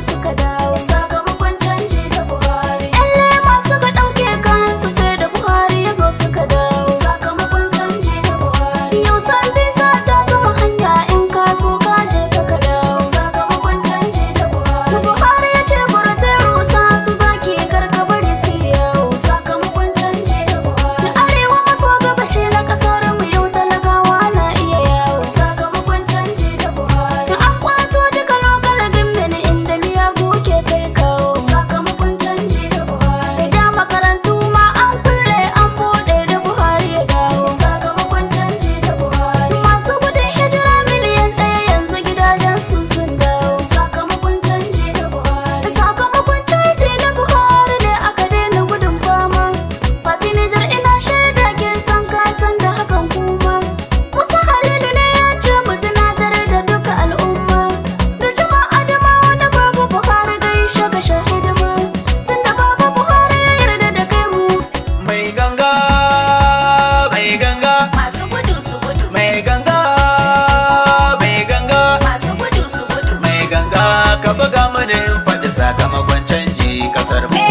suka da sakamakon makon canji kasar mu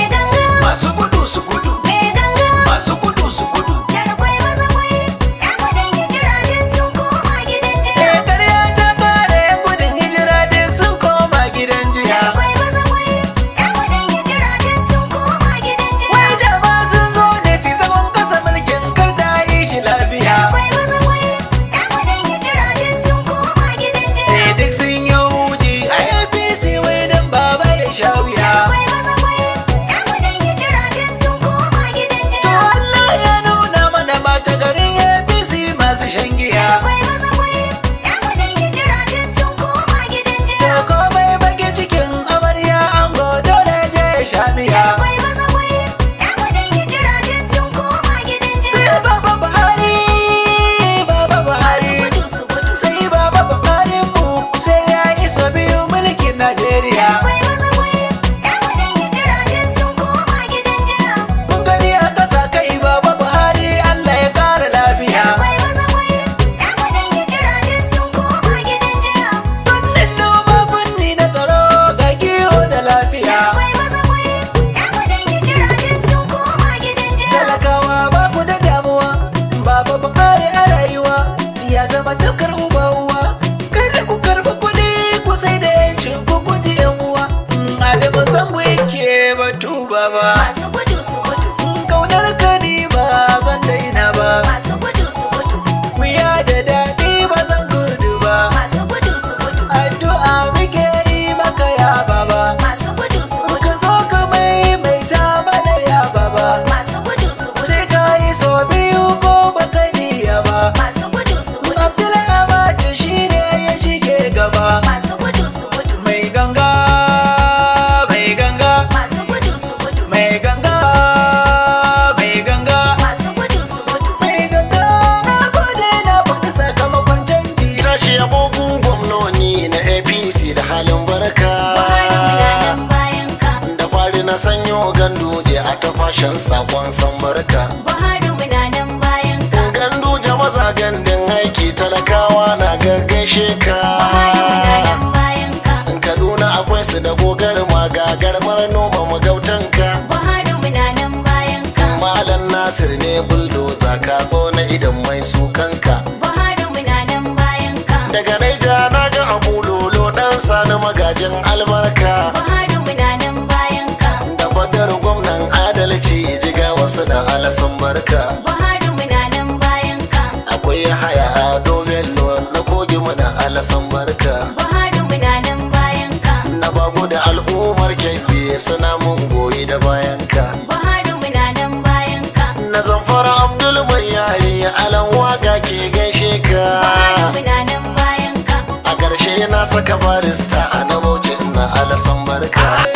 masu gudu su gudu masu gudu so masu karshen sakon san barka Buhari muna nan bayan ka maza gandun aiki talakawa na gaggashe ka Kaduna akwai su da gogar magagar mara noma magautanka. Buhari muna nan bayan ka Malam Nasir ne buldoza ka zo na idan mai sukanka Buhari muna nan bayan ka Daga Naija na ga Abu Lolo dansa na magajin albarka Buhari suna alasan barka buhari muna nan bayan ka akwai haya a domin nuwan na kogi muna alasan barka buhari muna nan bayan ka na bago da al'ummar kebbi suna mun goyi da bayan ka buhari muna nan bayan ka na zamfara abdul mai yayi alan waga ke gaishe ka buhari muna nan bayan ka a ƙarshe na saka barista a na na alasan barka